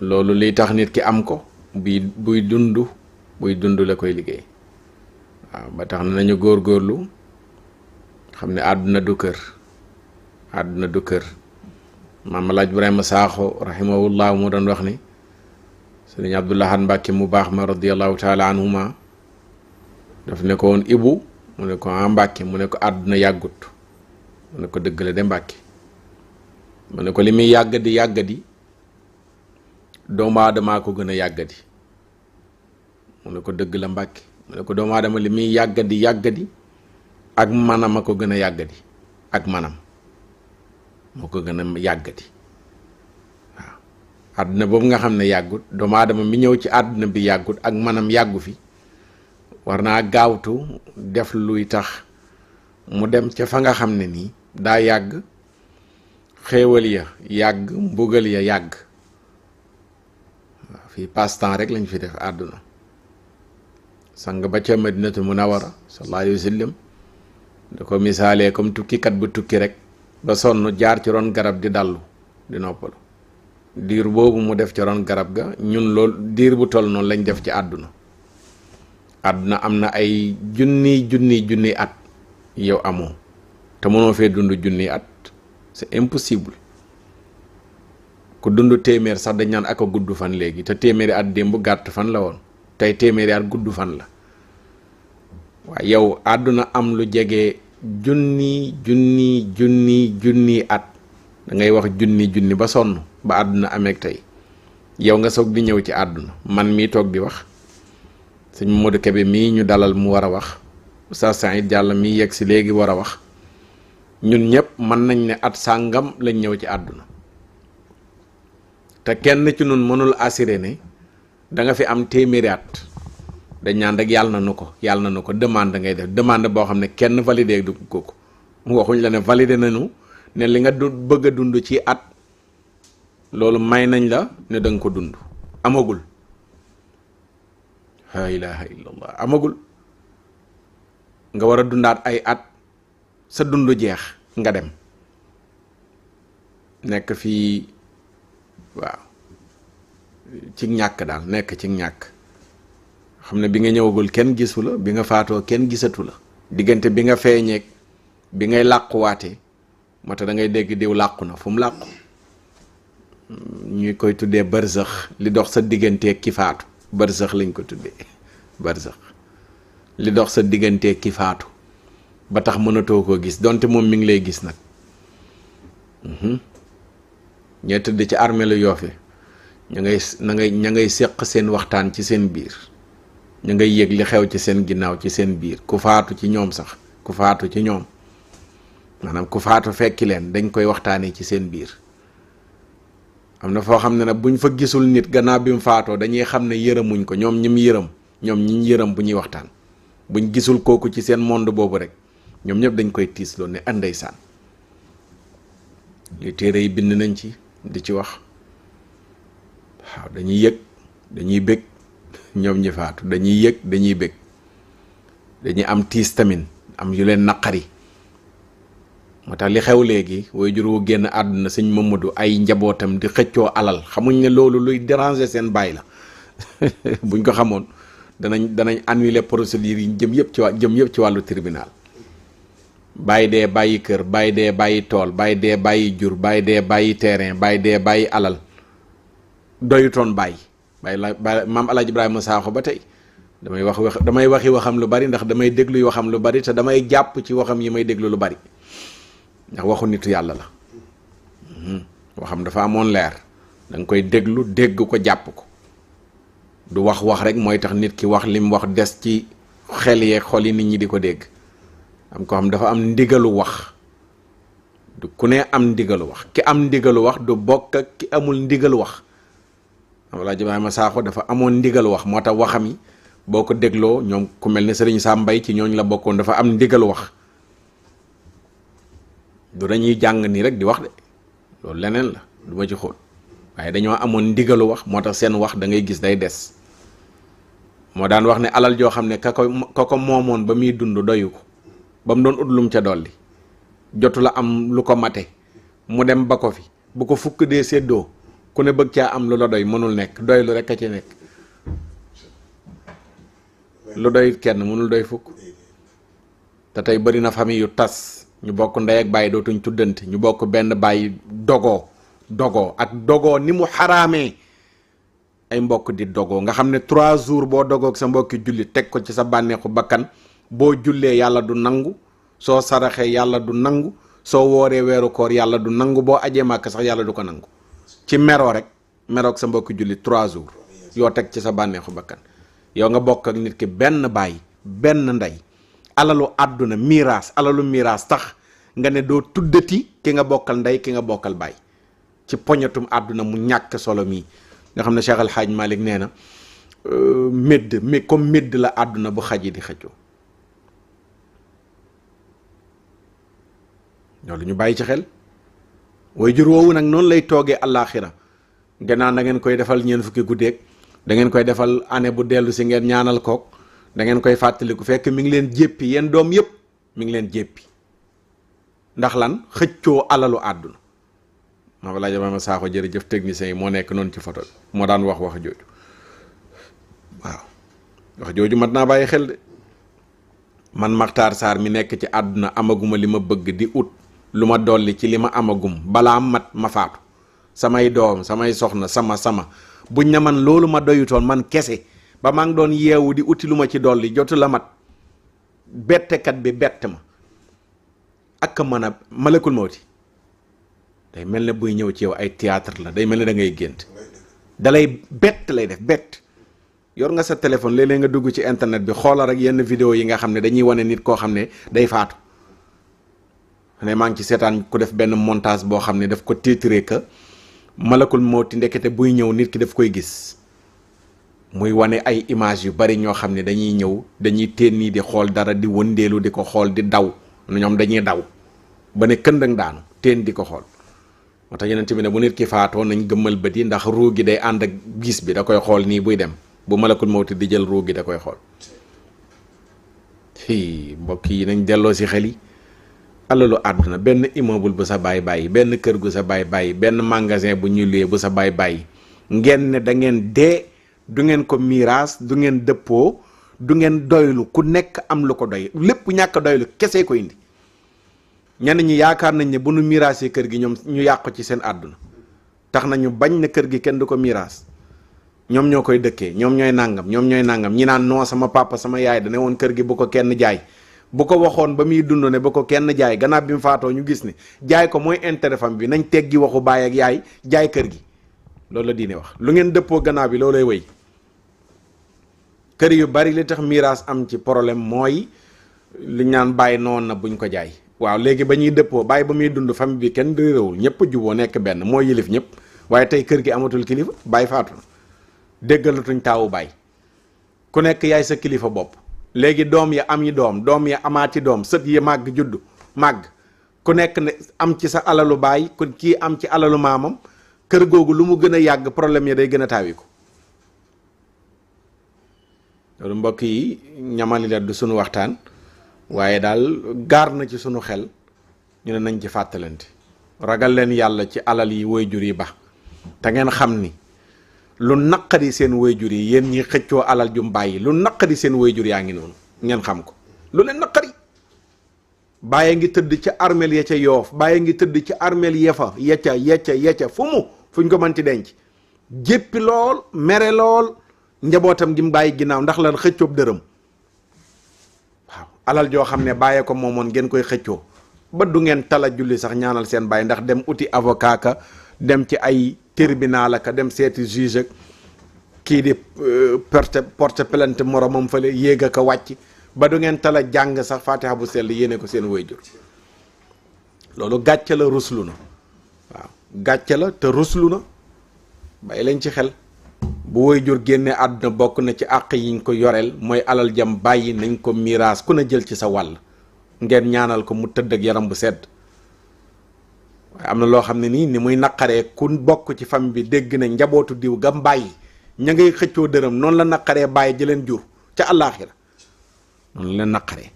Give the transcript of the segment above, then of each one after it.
loolu liy tax nit ki am ko buy buy dund buy dund la koy liggéey waaw ba tax na góor góorlu xam ne àdduna du kër àdduna du kër maam Alaaji Ibrahima Saaxo rahimahullah mu doon wax ni sëriñ Abdul Ahad Mbàkke mu baax ma radiallahu taala anhuma daf ne ko woon ibu mu ne ko ah Mbàkke mu ne ko àdduna yàggut mu ne ko dëgg la de Mbàkke mu ne ko li muy yàggadi yàggadi doomu aadama ko gën a yàggadi mu ne ko dëgg la mbàkke mu ne ko doomu aadama li muy yàggadi yàggadi ak manam a ko gën a yàggadi ak manam moo ko gën a yàggadi waaw àdduna boobu nga xam ne yàggut doomu mu ñëw ci àdduna bi yàggut ak manam yàggu fi war naa gaawtu def luy tax mu dem ca fa nga xam ne nii daa yàgg xéewal ya yàgg mbugal ya yàgg fii passe temps rek lañ fi def àdduna sang ba ca madinatul munawara sallallahu alayhi wa sallam da ko misaalee comme tukkikat bu tukki rek ba sonn jaar ci ron garab di dallu di noppalu diir boobu mu def ci ron garab ga ñun lool diir bu toll noonu lañ def ci àdduna àdduna am na ay junniy junniy junniy at yow amoo te mënoo fee dund junniy at c'est impossible ku dund téeméer sax dañ naan ak gudd fan léegi te téeméeri at démb gàtt fan la woon tey téeméeri at gudd fan la waaye yow àdduna am lu jege junni junni junni junni at dangay wax junni junni ba sonn ba àdduna ameeg tey yow nga soog di ñëw ci àdduna man mii toog di wax sëñ Modou Kébé mii ñu dalal mu war a wax Oustaz Saïd Diallo mii yegg si léegi war a wax ñun ñëpp mën nañ ne at sàngam lañ ñëw ci àdduna te kenn ci nun mënul assuré ne danga fi am téeméeri at dañ ñaan rek yàlla na nu ko yàlla na nu ko demande ngay def demande boo xam ne kenn validé du ko ko mu waxuñ la ne validé nañu ne li nga du bëgg a dund ci at loolu may nañ la ne danga ko dund amagul laa ilaha illallah amagul nga war a dundaat ay at sa dund jeex nga dem nekk fii waaw ci ñàkk daal nekk ci ñàkk xam ne bi nga ñëwagul kenn gisu la bi nga faatoo kenn gisatu la diggante bi nga feeñeeg bi ngay làquwaatee moo tax da ngay dégg diw làqu na fu mu làqu ñuy koy tuddee bërsëx li dox sa digganteeg ki faatu bërsëx lañ ko tuddee bërsëx li dox sa digganteeg ki faatu ba tax mënatoo koo gis donte moom mi ngi lay gis nag mhm. ñooy tëdd ci armée lu yoofe ñu ngay na ña ngay séq seen waxtaan ci seen biir ñu ngay yëg li xew ci seen ginnaaw ci seen biir ku faatu ci ñoom sax ku faatu ci ñoom maanaam ku faatu fekki leen dañ koy waxtaanee ci seen biir am na foo xam ne nag buñ fa gisul nit gannaaw bi mu faatoo dañuy xam ne yërëmuñ ko ñoom ñi mu yërëm ñoom ñi ñu yërëm bu ñuy waxtaan buñ gisul kooku ci seen monde boobu rek ñoom ñëpp dañ koy tiis loolu ne andeysaan li téere yi bind nañ ci di ci wax waaw dañuy yëg dañuy bëgg ñoom ñi faatu dañuy yëg dañuy bëgg dañuy am tiis tamit am yu leen naqari moo tax li xew léegi way jur wu génn àdduna sëñ Mamadou ay njabootam di xëccoo alal xamuñ ne loolu luy déranger seen baay la buñ ko xamoon danañ danañ annuler procédure yi jëm yëpp ci wà jëm yëpp ci wàllu tribunal bàyyi dee bàyyi kër bàyyi dee bàyyi tool bàyyi dee bàyyi jur bàyyi dee bàyyi terrain bàyyi dee bàyyi alal doyutoon bàyyi bàyyi la maam El Hadj Ibrahima Sakho ba tey damay wax wax waxi waxam lu bari ndax damay déglu waxam lu bari damay jàpp ci waxam yi may déglu lu bari ndax waxu nitu yàlla la hmm. waxam dafa amoon leer danga koy déglu dégg ko jàpp ko du wax wax rek mooy tax nit ki wax lim wax des ci xel yeeg xol yi nit ñi di ko dégg. am koo xam dafa am ndigalu wax du ku ne am ndigalu wax ki am ndigalu wax du bokk ak ki amul ndigalu wax Alaaji Ibrahima Sakho dafa amoon ndigalu wax moo tax waxam yi boo ko dégloo ñoom ku mel ne Sëriñ Sam Mbaye ci ñooñ la bokkoon dafa am ndigalu wax du dañuy jàng nii rek di wax de loolu leneen la du ma ci xóot waaye dañoo amoon ndigalu wax moo tax seen wax da ngay gis day des moo daan wax ne alal joo xam ne ka ko ka ko moomoon ba muy dund doyu ko ba mu doon ut lum ca dolli jotu la am lu ko mate mu dem ba ko fi bu ko fukk dee seddoo ku ne bëgg caa am lu la doy mënul nekk doy lu rekk a ci nekk lu doy kenn mënul doy fukk te tey bëri na famille yu tas ñu bokk ndey ak bàyyi dootuñ tuddante ñu bokk benn bàyyi dogoo dogoo ak dogoo ni mu xaraamee ay mbokk di dogoo nga xam ne trois jours boo dogoo ak sa mbokki julli teg ko ci sa bànneexu bakkan boo jullee yàlla du nangu soo saraxee yàlla du nangu soo wooree weeru koor yàlla du nangu boo ajee màkk sax yàlla du ko nangu ci meroo rek meroog sa mbokki julli trois jours yoo teg ci sa bànneexu bakkan yow nga bokk ak nit ki benn bàyyi benn ndey alalu àdduna miraas alalu miraas tax nga ne doo tuddati ki nga bokkal ndey ki nga bokkal baay ci poñetum àdduna mu ñàkk solo mii nga xam ne Cheikh Al Hadj Malick nee na euh, médd mais comme la àdduna bu xaj yi di xëccoo loolu ñu bàyyi ci xel way jur woowu nag noonu lay toogee àllaaxira gannaaw na ngeen koy defal ñeen fukki guddeeg da ngeen koy defal année bu dellu si ngeen ñaanal kook dangeen ngeen koy fàttaliku fekk mi ngi leen jéppi yéen doom yëpp mi ngi leen jéppi ndax lan xëccoo alalu àdduna ma fa laaj ma saako jëf technicien yi moo nekk noonu ci photo moo daan wax wax jooju waaw wax jooju mat naa bàyyi xel de man Maxtaar Saar mi nekk ci àdduna amaguma li ma bëgg di ut lu ma dolli ci li ma amagum balaa mat ma faatu samay doom samay soxna sama sama buñ ne man loolu ma doyutoon man kese ba maa ngi doon yeewu di uti lu ma ci dolli jotu la mat bettekat bi bett ma ak mën a malakul mawti day mel ne buy ñëw ci yow ay théâtre la day mel ne da ngay gént dalay bett lay def bett yor nga sa téléphone léeg-léeg nga dugg ci internet bi xoola rek yenn vidéo yi nga xam ne dañuy wane nit koo xam ne day faatu ne maa ngi ci seetaan ku def benn montage boo xam ne daf ko tiitre que malakul mawti ndekete buy ñëw nit ki daf koy gis muy wane ay image yu bari ñoo xam ne dañuy ñëw dañuy teen nii di xool dara di wëndeelu di ko xool di daw ñoom dañuy daw ba ne këndëng daanu teen di ko xool moo tax yeneen tamit ne bu nit ki faatoo nañ gëmmal bët yi ndax ruu gi day ànd ak gis bi da koy xool nii buy dem bu malakul mawti di jël ruu gi da koy xool fii mbokk yi nañ delloo si xel yi alalu àdduna benn immeuble bu sa baay bàyyi benn kër gu sa baay bàyyi benn magasin bu ñu luyee bu sa baay bàyyi ngeen ne da ngeen dee du ngeen ko miiras du ngeen dëppoo du ngeen doylu ku nekk am lu ko doy lépp ñàkk doylu kese ko indi ñenn ñi yaakaar nañ ne bu nu miirasee kër gi ñoom ñu yàq ci seen àdduna tax nañu bañ na kër gi kenn du ko miiras ñoom ñoo koy dëkkee ñoom ñooy nàngam ñoom ñooy nàngam ñi naan noo sama papa sama yaay dane woon kër gi bu ko kenn jaay bu ko waxoon ba muy dund ne ba ko kenn jaay gannaaw bi mu faatoo ñu gis ne jaay ko mooy intérêt fam bi nañ teggi waxu baay ak yaay jaay kër gi loolu la diine wax lu ngeen dëppoo gannaaw bi loolay wéy kër yu bari li tax miraas am ci problème mooy li ñaan bàyyi noon na buñ ko jaay waaw léegi ba ñuy dëppoo bàyyi ba muy dund famille bi kenn réerewul ñëpp juboo nekk benn moo yilif ñëpp waaye tey kër gi amatul kilifa bàyyi faatu na déggalatuñ taawu bàyyi ku nekk yaay sa kilifa bopp léegi doom ya am yi doom doom ya amaati doom sët yi màgg juddu màgg ku nekk ne am ci sa alalu baay kon kii am ci alalu maamam kër googu lu mu gën a yàgg problème yi day gën a taawiku loolu mbokk yi ñamali la du sunu waxtaan waaye daal gar na ci sunu xel ñu ne nañ ci fàttalante ragal leen yàlla ci alal yi woy yi ba te ngeen xam ni lu naqari seen wayjur yi yéen ñi xëccoo alal ju mbàyyi lu naqari seen wayjur yaa ngi noonu ngeen xam ko lu leen naqari bàyyi ngi tëdd ca armeel ya ca yoof bàyyi ngi tëdd ca armeel ya fa ya ca ya ca ya ca fu mu fuñ ko mënti denc jéppi lool mere lool njabootam gi bàyyi ginnaaw ndax lan xëccoob dërëm waaw alal joo xam ne bàyyee ko moomoon ngeen koy xëccoo ba du ngeen tala julli sax ñaanal seen bàyyi ndax dem uti avocat ka dem ci ay tribunal ak dem seeti juge ak kii di euh, porte porte plainte moromam fële yéeg a ko wàcc ba du ngeen tala jàng sax fatiha bu sell yéene ko seen wayjur loolu gàcce la ruslu na waaw gàcce la te ruslu na bàyyi lañ ci xel bu wayjur génne àdduna bokk na ci àq yiñ ko yoreel mooy alal jam bàyyi nañ ko miraas ku na jël ci sa wàll ngeen ñaanal ko mu tëdd ak yaram bu sedd waaye am na loo xam ne nii ni muy naqaree ku bokk ci famille bi dégg na njabootu diw gam bàyyi ña ngay xëccoo dërëm noonu la naqaree bàyyi ji leen jur ca àllaaxira noonu la naqaree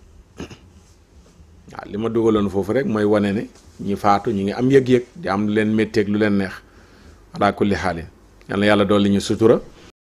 waaw li ma dugaloon foofu rek mooy wane ne ñi faatu ñu ngi am yëg-yëg di am leen leen métteeg lu leen neex alaa kulli xaalin yal na yàlla dool li sutura